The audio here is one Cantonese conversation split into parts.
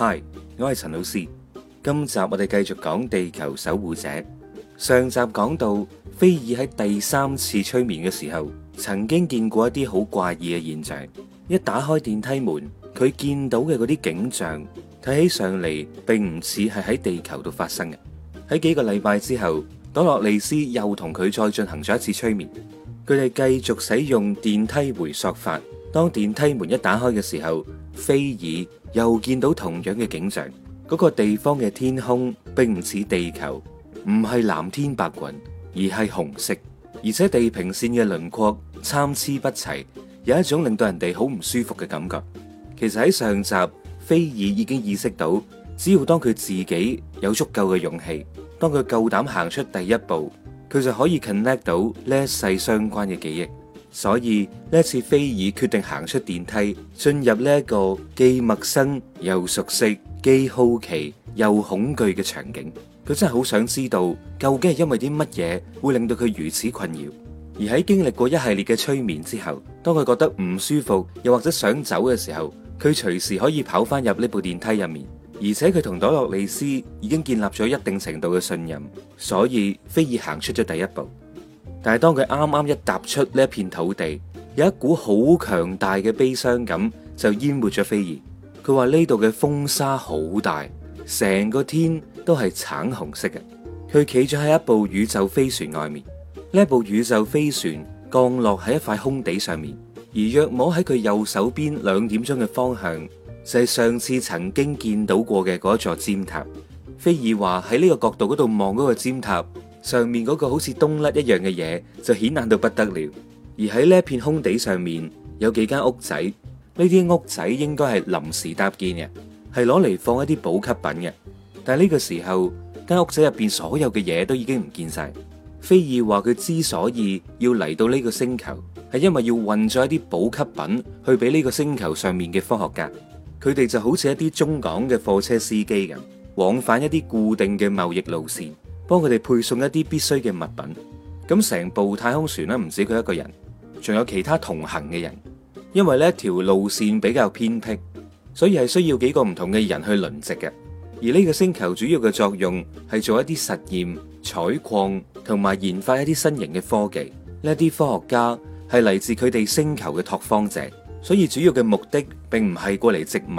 嗨，我係陳老師。今集我哋繼續講地球守護者。上集講到菲爾喺第三次催眠嘅時候，曾經見過一啲好怪異嘅現象。一打開電梯門，佢見到嘅嗰啲景象，睇起上嚟並唔似係喺地球度發生嘅。喺幾個禮拜之後，朵洛麗絲又同佢再進行咗一次催眠。佢哋繼續使用電梯回溯法，當電梯門一打開嘅時候，菲爾，又見到同樣嘅景象，嗰個地方嘅天空並唔似地球，唔係藍天白雲，而係紅色，而且地平線嘅輪廓參差不齊，有一種令到人哋好唔舒服嘅感覺。其實喺上集，菲爾已經意識到，只要當佢自己有足夠嘅勇氣，當佢夠膽行出第一步，佢就可以 connect 到呢一世相關嘅記憶。所以呢次，菲爾決定行出電梯，進入呢一個既陌生又熟悉、既好奇又恐懼嘅場景。佢真係好想知道，究竟係因為啲乜嘢會令到佢如此困擾。而喺經歷過一系列嘅催眠之後，當佢覺得唔舒服，又或者想走嘅時候，佢隨時可以跑翻入呢部電梯入面。而且佢同朵洛莉斯已經建立咗一定程度嘅信任，所以菲爾行出咗第一步。但係當佢啱啱一踏出呢一片土地，有一股好強大嘅悲傷感，就淹沒咗菲爾。佢話呢度嘅風沙好大，成個天都係橙紅色嘅。佢企咗喺一部宇宙飛船外面，呢一部宇宙飛船降落喺一塊空地上面。而約莫喺佢右手邊兩點鐘嘅方向，就係、是、上次曾經見到過嘅嗰座尖塔。菲爾話喺呢個角度嗰度望嗰個尖塔。上面嗰個好似冬甩一樣嘅嘢，就顯眼到不得了。而喺呢一片空地上面，有幾間屋仔。呢啲屋仔應該係臨時搭建嘅，係攞嚟放一啲補給品嘅。但係呢個時候，間屋仔入邊所有嘅嘢都已經唔見晒。菲爾話佢之所以要嚟到呢個星球，係因為要運咗一啲補給品去俾呢個星球上面嘅科學家。佢哋就好似一啲中港嘅貨車司機咁，往返一啲固定嘅貿易路線。幫佢哋配送一啲必需嘅物品。咁成部太空船咧，唔止佢一個人，仲有其他同行嘅人。因為呢一條路線比較偏僻，所以係需要幾個唔同嘅人去輪值嘅。而呢個星球主要嘅作用係做一啲實驗、採礦同埋研發一啲新型嘅科技。呢啲科學家係嚟自佢哋星球嘅拓荒者，所以主要嘅目的並唔係過嚟殖民，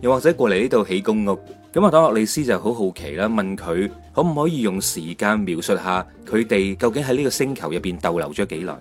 又或者過嚟呢度起公屋。咁啊，德洛麗斯就好好奇啦，問佢可唔可以用時間描述下佢哋究竟喺呢個星球入邊逗留咗幾耐？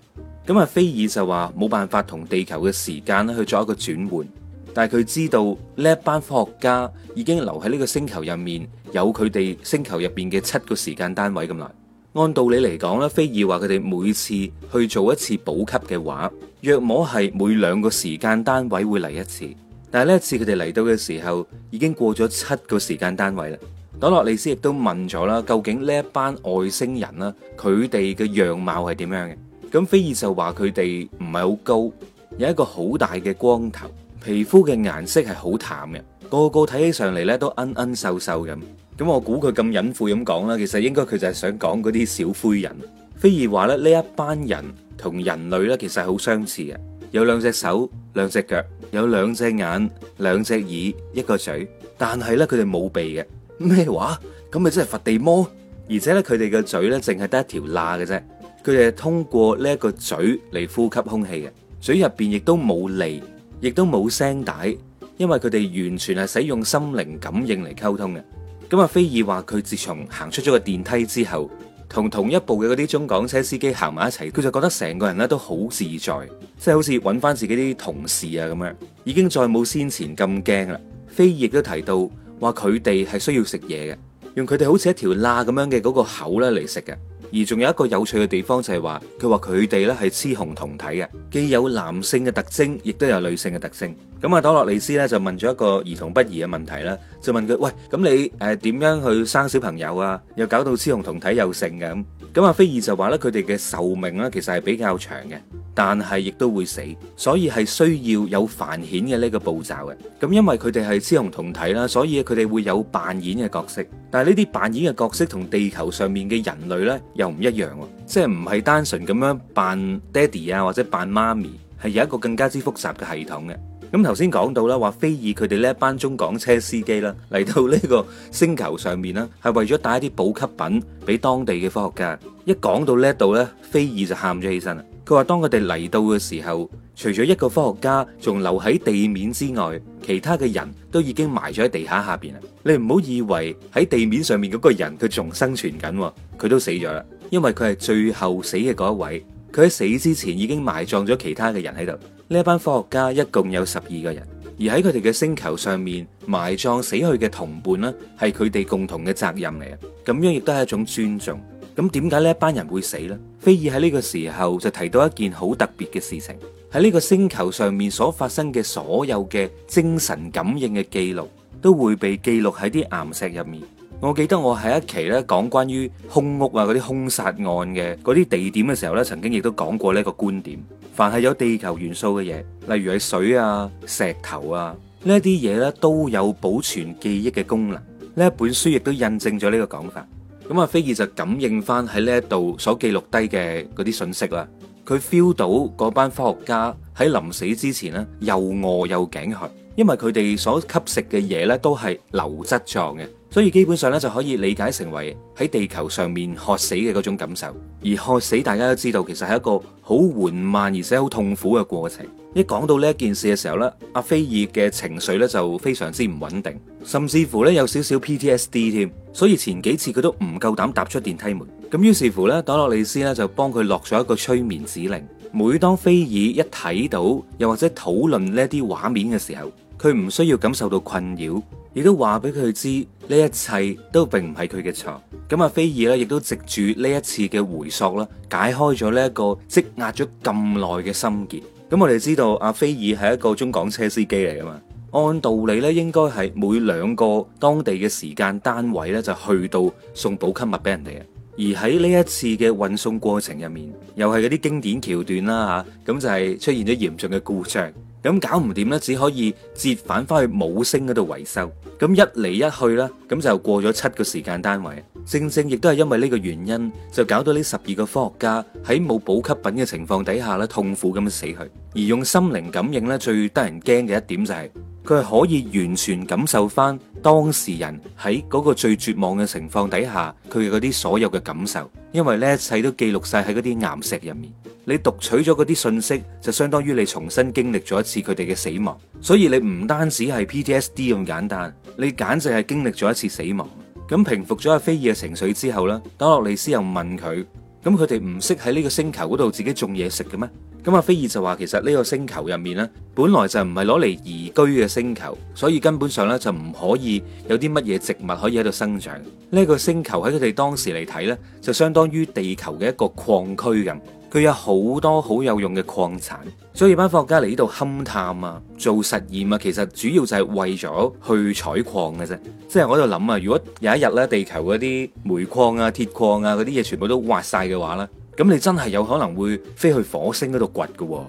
咁、嗯、啊，菲爾就話冇辦法同地球嘅時間咧去做一個轉換，但係佢知道呢一班科學家已經留喺呢個星球入面，有佢哋星球入邊嘅七個時間單位咁耐。按道理嚟講咧，菲爾話佢哋每次去做一次補給嘅話，約莫係每兩個時間單位會嚟一次。但係呢一次佢哋嚟到嘅時候，已經過咗七個時間單位啦。朵洛莉斯亦都問咗啦，究竟呢一班外星人啦，佢哋嘅樣貌係點樣嘅？咁菲爾就話佢哋唔係好高，有一個好大嘅光頭，皮膚嘅顏色係好淡嘅，個個睇起上嚟咧都奀奀瘦瘦咁。咁我估佢咁隱晦咁講啦，其實應該佢就係想講嗰啲小灰人。菲爾話咧，呢一班人同人類咧，其實係好相似嘅，有兩隻手、兩隻腳。有兩隻眼、兩隻耳、一個嘴，但係呢，佢哋冇鼻嘅。咩話？咁咪即係佛地魔？而且呢，佢哋嘅嘴呢，淨係得一條罅嘅啫。佢哋係通過呢一個嘴嚟呼吸空氣嘅。嘴入邊亦都冇脷，亦都冇聲帶，因為佢哋完全係使用心靈感應嚟溝通嘅。咁阿菲爾話佢自從行出咗個電梯之後，同同一部嘅嗰啲中港車司機行埋一齊，佢就覺得成個人咧都好自在，即係好似揾翻自己啲同事啊咁樣，已經再冇先前咁驚啦。飛亦都提到話，佢哋係需要食嘢嘅，用佢哋好似一條罅咁樣嘅嗰個口咧嚟食嘅。而仲有一個有趣嘅地方就係話，佢話佢哋咧係雌雄同體嘅，既有男性嘅特徵，亦都有女性嘅特徵。咁啊，朵洛莉絲咧就問咗一個兒童不宜嘅問題啦，就問佢：喂，咁你誒點樣去生小朋友啊？又搞到雌雄同體有性嘅咁。咁啊，菲爾就話咧，佢哋嘅壽命咧其實係比較長嘅，但係亦都會死，所以係需要有繁衍嘅呢個步驟嘅。咁因為佢哋係雌雄同體啦，所以佢哋會有扮演嘅角色。但係呢啲扮演嘅角色同地球上面嘅人類咧，又唔一樣喎，即係唔係單純咁樣扮爹哋啊，或者扮媽咪，係有一個更加之複雜嘅系統嘅。咁頭先講到啦，話飛兒佢哋呢一班中港車司機啦，嚟到呢個星球上面啦，係為咗帶一啲補給品俾當地嘅科學家。一講到呢度呢，飛兒就喊咗起身啦。佢話：當佢哋嚟到嘅時候，除咗一個科學家仲留喺地面之外，其他嘅人都已經埋咗喺地下下邊啦。你唔好以為喺地面上面嗰個人，佢仲生存緊，佢都死咗啦。因為佢係最後死嘅嗰一位，佢喺死之前已經埋葬咗其他嘅人喺度。呢一班科學家一共有十二個人，而喺佢哋嘅星球上面埋葬死去嘅同伴呢，係佢哋共同嘅責任嚟。咁樣亦都係一種尊重。咁點解呢一班人會死呢？菲爾喺呢個時候就提到一件好特別嘅事情，喺呢個星球上面所發生嘅所有嘅精神感應嘅記錄，都會被記錄喺啲岩石入面。我記得我喺一期咧講關於空屋啊嗰啲凶殺案嘅嗰啲地點嘅時候呢，曾經亦都講過呢個觀點。凡係有地球元素嘅嘢，例如係水啊、石頭啊呢一啲嘢呢，都有保存記憶嘅功能。呢一本書亦都印證咗呢個講法。咁啊，菲爾就感應翻喺呢一度所記錄低嘅嗰啲信息啦。佢 feel 到嗰班科學家喺臨死之前咧，又餓又頸渴，因為佢哋所吸食嘅嘢咧都係流質狀嘅，所以基本上咧就可以理解成為喺地球上面渴死嘅嗰種感受。而渴死大家都知道，其實係一個好緩慢而且好痛苦嘅過程。一講到呢一件事嘅時候呢，阿菲爾嘅情緒呢就非常之唔穩定，甚至乎呢有少少 PTSD 添。所以前幾次佢都唔夠膽踏出電梯門。咁於是乎呢，朵洛利斯呢就幫佢落咗一個催眠指令。每當菲爾一睇到又或者討論呢啲畫面嘅時候，佢唔需要感受到困擾，亦都話俾佢知呢一切都並唔係佢嘅錯。咁阿菲爾呢亦都藉住呢一次嘅回溯啦，解開咗呢一個積壓咗咁耐嘅心結。咁我哋知道阿菲爾係一個中港車司機嚟噶嘛？按道理呢，應該係每兩個當地嘅時間單位呢，就去到送補給物俾人哋啊。而喺呢一次嘅運送過程入面，又係嗰啲經典橋段啦吓，咁、啊、就係出現咗嚴重嘅故障。咁搞唔掂咧，只可以折返翻去母星嗰度維修。咁一嚟一去啦，咁就過咗七個時間單位。正正亦都係因為呢個原因，就搞到呢十二個科學家喺冇補給品嘅情況底下咧，痛苦咁死去。而用心靈感應咧，最得人驚嘅一點就係佢係可以完全感受翻當事人喺嗰個最絕望嘅情況底下，佢嘅嗰啲所有嘅感受。因為呢一切都記錄晒喺嗰啲岩石入面，你讀取咗嗰啲信息，就相當於你重新經歷咗一次佢哋嘅死亡。所以你唔單止係 PTSD 咁簡單，你簡直係經歷咗一次死亡。咁平復咗阿菲爾嘅情緒之後呢，多洛雷斯又問佢：咁佢哋唔識喺呢個星球嗰度自己種嘢食嘅咩？咁阿菲爾就話，其實呢個星球入面呢，本來就唔係攞嚟移居嘅星球，所以根本上呢，就唔可以有啲乜嘢植物可以喺度生長。呢個星球喺佢哋當時嚟睇呢，就相當於地球嘅一個礦區咁，佢有好多好有用嘅礦產，所以班科學家嚟呢度勘探啊、做實驗啊，其實主要就係為咗去採礦嘅啫。即係我度諗啊，如果有一日呢，地球嗰啲煤礦啊、鐵礦啊嗰啲嘢全部都挖晒嘅話呢。咁你真係有可能會飛去火星嗰度掘嘅喎，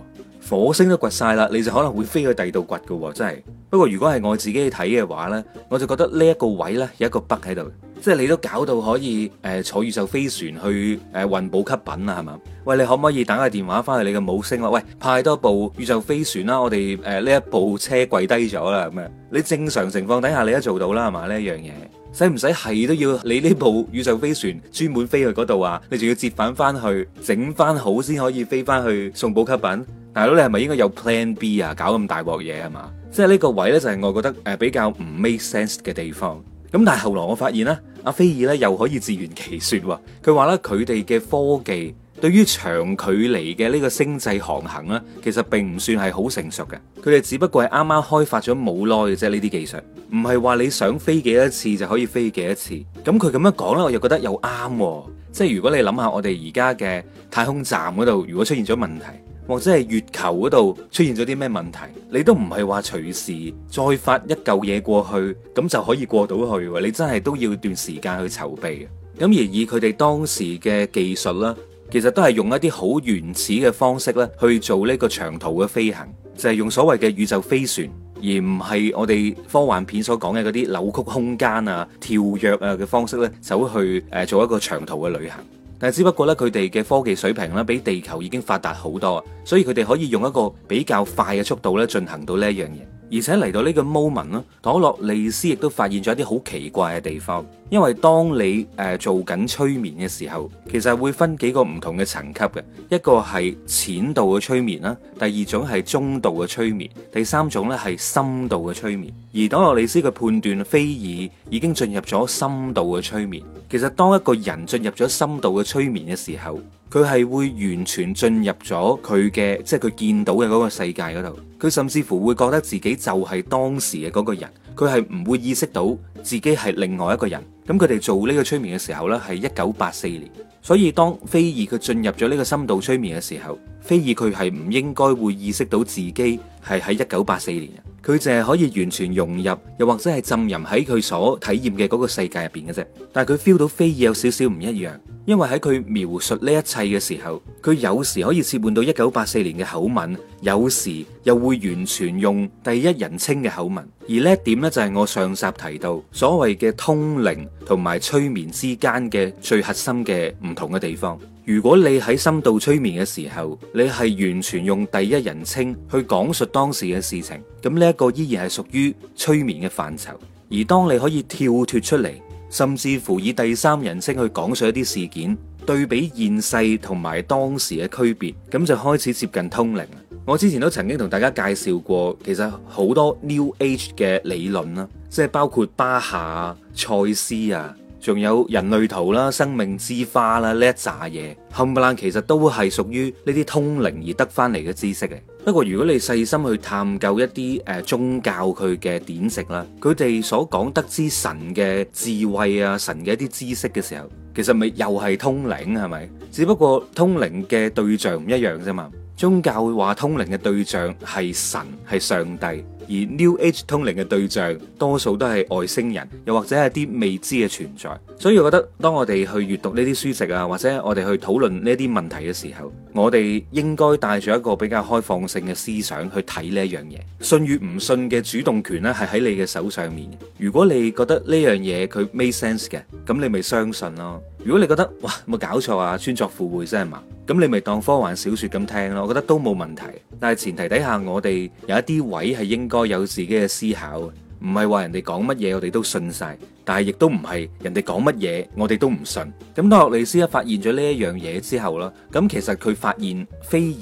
火星都掘晒啦，你就可能會飛去第二度掘嘅喎，真係。不過如果係我自己睇嘅話呢，我就覺得呢一個位呢，有一個 bug 喺度，即係你都搞到可以誒、呃、坐宇宙飛船去誒、呃、運補給品啊，係嘛？喂，你可唔可以打個電話翻去你嘅母星話，喂，派多部宇宙飛船啦，我哋誒呢一部車跪低咗啦，咁樣。你正常情況底下你都做到啦，係嘛呢一樣嘢？使唔使係都要你呢部宇宙飛船專門飛去嗰度啊？你仲要折返翻去整翻好先可以飛翻去送補給品？大佬你係咪應該有 Plan B 啊？搞咁大鑊嘢係嘛？即係呢個位呢，就係我覺得誒比較唔 make sense 嘅地方。咁但係後來我發現咧，阿菲爾呢又可以自圓其説喎。佢話呢，佢哋嘅科技，對於長距離嘅呢個星際航行呢其實並唔算係好成熟嘅。佢哋只不過係啱啱開發咗冇耐嘅啫。呢啲技術唔係話你想飛幾多次就可以飛幾多次。咁佢咁樣講呢我又覺得又啱喎。即係如果你諗下我哋而家嘅太空站嗰度，如果出現咗問題，或者係月球嗰度出現咗啲咩問題，你都唔係話隨時再發一嚿嘢過去，咁就可以過到去喎。你真係都要段時間去籌備。咁而以佢哋當時嘅技術啦。其實都係用一啲好原始嘅方式咧，去做呢個長途嘅飛行，就係用所謂嘅宇宙飛船，而唔係我哋科幻片所講嘅嗰啲扭曲空間啊、跳躍啊嘅方式咧，走去誒做一個長途嘅旅行。但係只不過咧，佢哋嘅科技水平咧，比地球已經發達好多，所以佢哋可以用一個比較快嘅速度咧，進行到呢一樣嘢。而且嚟到呢個 moment 啦，朵洛利斯亦都發現咗一啲好奇怪嘅地方，因為當你誒、呃、做緊催眠嘅時候，其實會分幾個唔同嘅層級嘅，一個係淺度嘅催眠啦，第二種係中度嘅催眠，第三種呢係深度嘅催眠。而朵洛利斯嘅判斷，菲爾已經進入咗深度嘅催眠。其實當一個人進入咗深度嘅催眠嘅時候，佢係會完全進入咗佢嘅，即係佢見到嘅個世界度，佢甚至乎會覺得自己就係當時嘅個人。佢係唔會意識到自己係另外一個人。咁佢哋做呢個催眠嘅時候咧，係一九八四年。所以當菲爾佢進入咗呢個深度催眠嘅時候，菲爾佢係唔應該會意識到自己係喺一九八四年嘅。佢淨係可以完全融入，又或者係浸淫喺佢所體驗嘅嗰個世界入邊嘅啫。但係佢 feel 到菲爾有少少唔一樣，因為喺佢描述呢一切嘅時候，佢有時可以切換到一九八四年嘅口吻，有時又會完全用第一人稱嘅口吻。而呢一點。呢，就係我上集提到所謂嘅通靈同埋催眠之間嘅最核心嘅唔同嘅地方。如果你喺深度催眠嘅時候，你係完全用第一人稱去講述當時嘅事情，咁呢一個依然係屬於催眠嘅範疇。而當你可以跳脫出嚟，甚至乎以第三人稱去講述一啲事件，對比現世同埋當時嘅區別，咁就開始接近通靈。我之前都曾經同大家介紹過，其實好多 New Age 嘅理論啦，即係包括巴夏啊、賽斯啊，仲有人類圖啦、生命之花啦呢一紮嘢，冚唪唥其實都係屬於呢啲通靈而得翻嚟嘅知識嘅。不過如果你細心去探究一啲誒、呃、宗教佢嘅典籍啦，佢哋所講得知神嘅智慧啊、神嘅一啲知識嘅時候，其實咪又係通靈係咪？只不過通靈嘅對象唔一樣啫嘛。宗教話通靈嘅對象係神、係上帝，而 New Age 通靈嘅對象多數都係外星人，又或者係啲未知嘅存在。所以我覺得，當我哋去閱讀呢啲書籍啊，或者我哋去討論呢啲問題嘅時候，我哋應該帶住一個比較開放性嘅思想去睇呢一樣嘢，信與唔信嘅主動權咧係喺你嘅手上面。如果你覺得呢樣嘢佢 make sense 嘅，咁你咪相信咯。如果你覺得哇，冇搞錯啊，穿鑿附會啫係嘛，咁你咪當科幻小説咁聽咯。我覺得都冇問題，但係前提底下，我哋有一啲位係應該有自己嘅思考。唔係話人哋講乜嘢我哋都信晒，但係亦都唔係人哋講乜嘢我哋都唔信。咁當洛里斯一發現咗呢一樣嘢之後啦，咁其實佢發現菲爾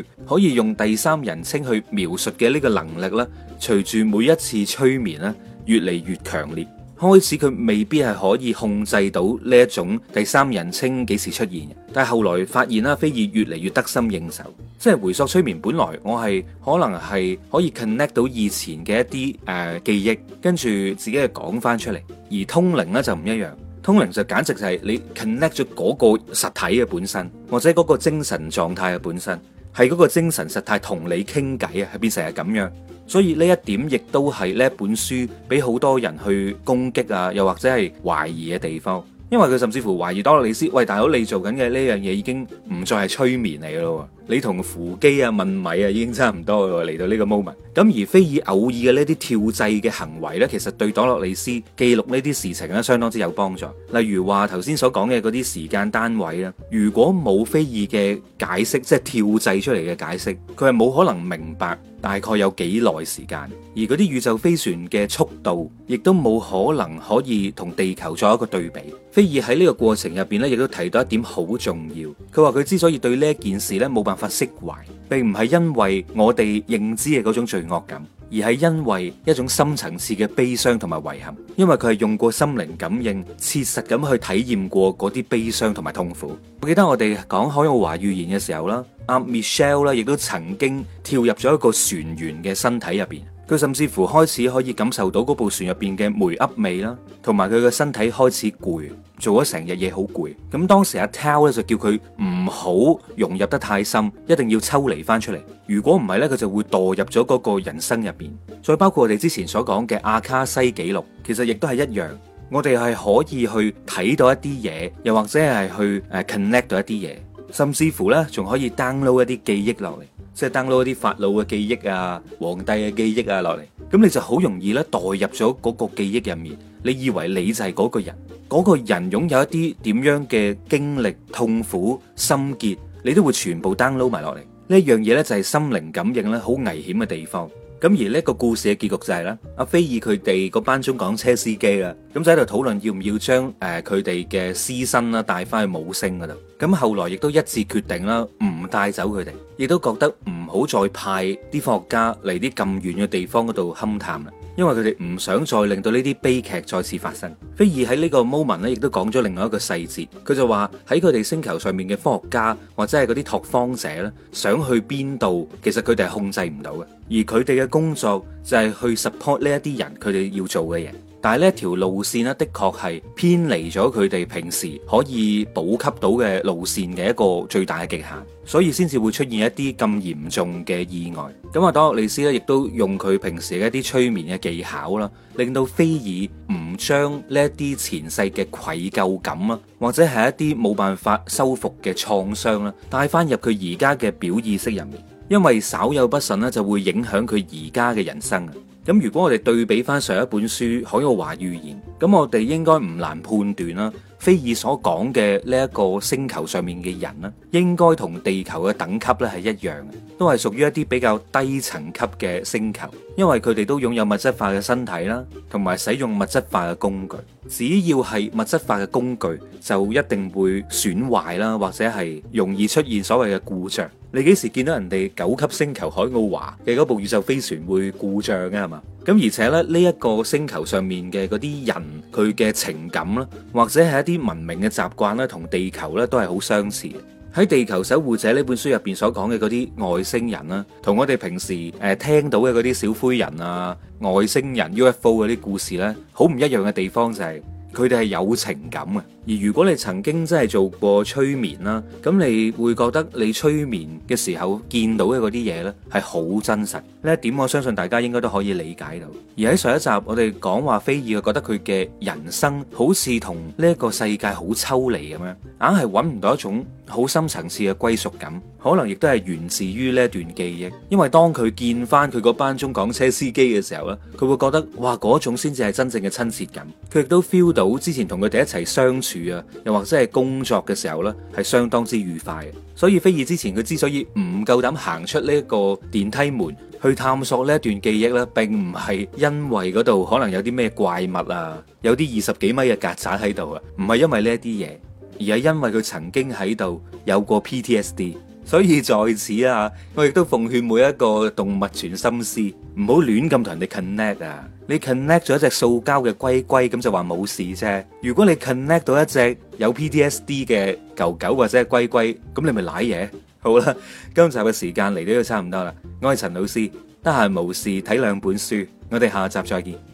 佢可以用第三人稱去描述嘅呢個能力咧，隨住每一次催眠咧，越嚟越強烈。開始佢未必係可以控制到呢一種第三人稱幾時出現，但係後來發現啦，菲爾越嚟越得心應手。即係回溯催眠本來我係可能係可以 connect 到以前嘅一啲誒、呃、記憶，跟住自己係講翻出嚟。而通靈咧就唔一樣，通靈就簡直就係你 connect 咗嗰個實體嘅本身，或者嗰個精神狀態嘅本身，係嗰個精神實態同你傾偈啊，係變成係咁樣。所以呢一點亦都係呢本書俾好多人去攻擊啊，又或者係懷疑嘅地方，因為佢甚至乎懷疑多利斯，喂，大佬，你做緊嘅呢樣嘢已經唔再係催眠嚟嘅咯。你同扶乩啊、問米啊，已經差唔多嚟到呢個 moment，咁而菲爾偶爾嘅呢啲跳掣嘅行為呢，其實對朵洛里斯記錄呢啲事情呢相當之有幫助。例如話頭先所講嘅嗰啲時間單位咧，如果冇菲爾嘅解釋，即係跳掣出嚟嘅解釋，佢係冇可能明白大概有幾耐時間，而嗰啲宇宙飛船嘅速度，亦都冇可能可以同地球作一個對比。菲爾喺呢個過程入邊呢，亦都提到一點好重要，佢話佢之所以對呢件事呢冇辦法。法釋懷，並唔係因為我哋認知嘅嗰種罪惡感，而係因為一種深層次嘅悲傷同埋遺憾。因為佢係用過心靈感應，切實咁去體驗過嗰啲悲傷同埋痛苦。我記得我哋講海奧華預言嘅時候啦，阿、啊、Michelle 啦、啊，亦都曾經跳入咗一個船員嘅身體入邊。佢甚至乎開始可以感受到嗰部船入邊嘅霉噏味啦，同埋佢嘅身體開始攰，做咗成日嘢好攰。咁當時阿 Tao 咧就叫佢唔好融入得太深，一定要抽離翻出嚟。如果唔係咧，佢就會墮入咗嗰個人生入邊。再包括我哋之前所講嘅阿卡西記錄，其實亦都係一樣。我哋係可以去睇到一啲嘢，又或者係去誒 connect 到一啲嘢，甚至乎咧仲可以 download 一啲記憶落嚟。即係 download 一啲法老嘅記憶啊、皇帝嘅記憶啊落嚟，咁你就好容易咧代入咗嗰個記憶入面，你以為你就係嗰個人，嗰個人擁有一啲點樣嘅經歷、痛苦、心結，你都會全部 download 埋落嚟。呢一樣嘢咧就係心靈感應啦，好危險嘅地方。咁而呢個故事嘅結局就係啦，阿菲爾佢哋個班中港車司機啦，咁就喺度討論要唔要將誒佢哋嘅屍身啦帶翻去母星嗰度。咁後來亦都一致決定啦，唔帶走佢哋。亦都覺得唔好再派啲科學家嚟啲咁遠嘅地方嗰度勘探啦，因為佢哋唔想再令到呢啲悲劇再次發生。反而喺呢個 moment 咧，亦都講咗另外一個細節，佢就話喺佢哋星球上面嘅科學家或者係嗰啲拓荒者咧，想去邊度，其實佢哋係控制唔到嘅，而佢哋嘅工作就係去 support 呢一啲人，佢哋要做嘅嘢。但係呢一條路線呢，的確係偏離咗佢哋平時可以補給到嘅路線嘅一個最大嘅極限，所以先至會出現一啲咁嚴重嘅意外。咁、嗯、啊，多利斯咧亦都用佢平時嘅一啲催眠嘅技巧啦，令到菲爾唔將呢一啲前世嘅愧疚感啊，或者係一啲冇辦法修復嘅創傷啦，帶翻入佢而家嘅表意識入面，因為稍有不慎呢，就會影響佢而家嘅人生。咁如果我哋對比翻上一本書《海奧華預言》，咁我哋應該唔難判斷啦，菲爾所講嘅呢一個星球上面嘅人呢，應該同地球嘅等級呢係一樣，都係屬於一啲比較低層級嘅星球。因為佢哋都擁有物質化嘅身體啦，同埋使用物質化嘅工具。只要係物質化嘅工具，就一定會損壞啦，或者係容易出現所謂嘅故障。你幾時見到人哋九級星球海奧華嘅嗰部宇宙飛船會故障嘅係嘛？咁而且咧，呢一個星球上面嘅嗰啲人佢嘅情感啦，或者係一啲文明嘅習慣咧，同地球咧都係好相似。喺《地球守護者》呢本書入邊所講嘅嗰啲外星人啦，同我哋平時誒、呃、聽到嘅嗰啲小灰人啊、外星人 UFO 嗰啲故事呢，好唔一樣嘅地方就係佢哋係有情感啊。而如果你曾經真係做過催眠啦，咁你會覺得你催眠嘅時候見到嘅嗰啲嘢呢係好真實。呢一點我相信大家應該都可以理解到。而喺上一集我哋講話飛爾覺得佢嘅人生好似同呢一個世界好抽離咁樣，硬係揾唔到一種好深層次嘅歸屬感，可能亦都係源自於呢一段記憶。因為當佢見翻佢嗰班中港車司機嘅時候呢，佢會覺得哇，嗰種先至係真正嘅親切感。佢亦都 feel 到之前同佢哋一齊相處啊，又或者係工作嘅時候呢，係相當之愉快。所以菲爾之前佢之所以唔夠膽行出呢一個電梯門去探索呢一段記憶呢，並唔係因為嗰度可能有啲咩怪物啊，有啲二十幾米嘅曱甴喺度啊，唔係因為呢一啲嘢。而係因為佢曾經喺度有過 PTSD，所以在此啊，我亦都奉勸每一個動物傳心師，唔好亂咁同人哋 connect 啊！你 connect 咗一隻塑膠嘅龜龜，咁就話冇事啫。如果你 connect 到一隻有 PTSD 嘅狗狗或者係龜龜，咁你咪瀨嘢。好啦，今集嘅時間嚟到都差唔多啦。我係陳老師，得閒無事睇兩本書。我哋下集再見。